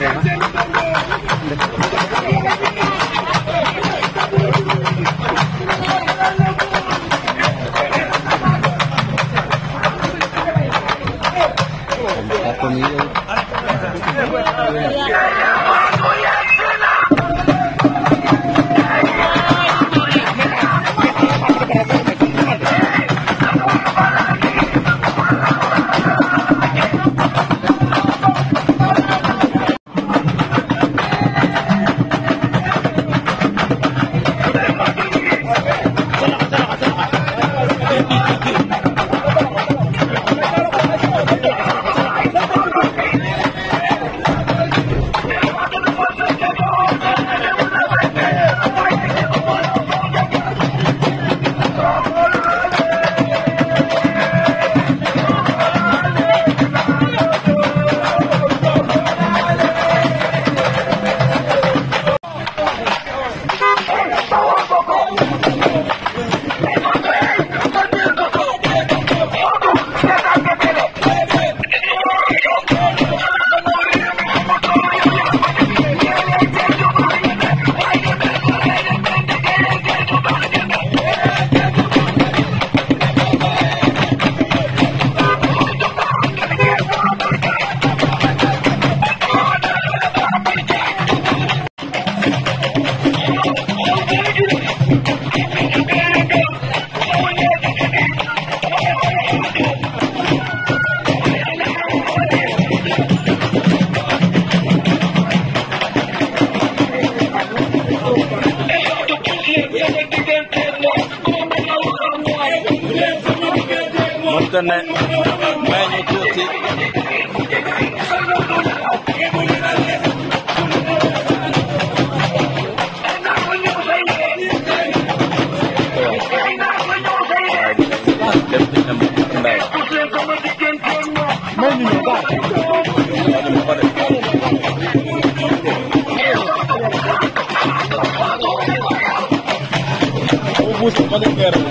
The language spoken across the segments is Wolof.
Okay. ne may ñu tuuti Vamos, podem ver.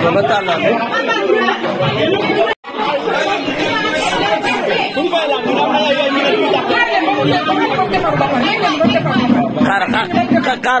Nama tanah. Kar kar kar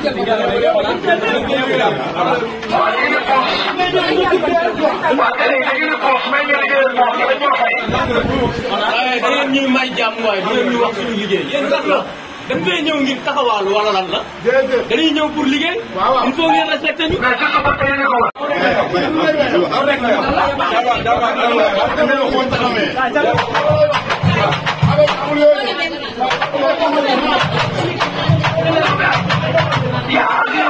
waaye da ngeen ñuy may jàmm waaye da ngeen ñu wax suñu liggéey yéen ndax la dañ fee ñëw ngir taxawaalu wala lan la. ñëw pour liggéey. il faut ngeen respecté Yeah.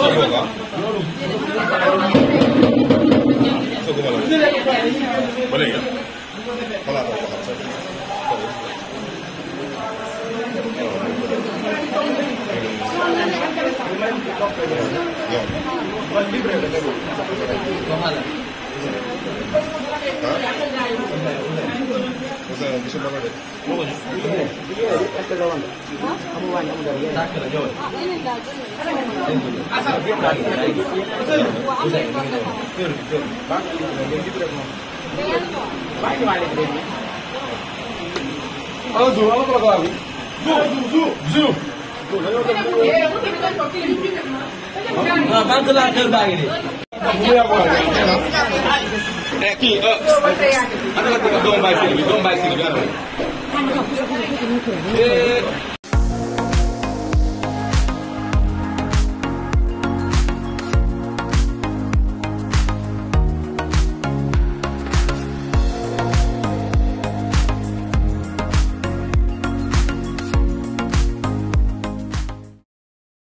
ba léegi xalaat banque la kër baa ngi nii kii ana la doomu baay sëriñ bi doomu baay sëriñ bi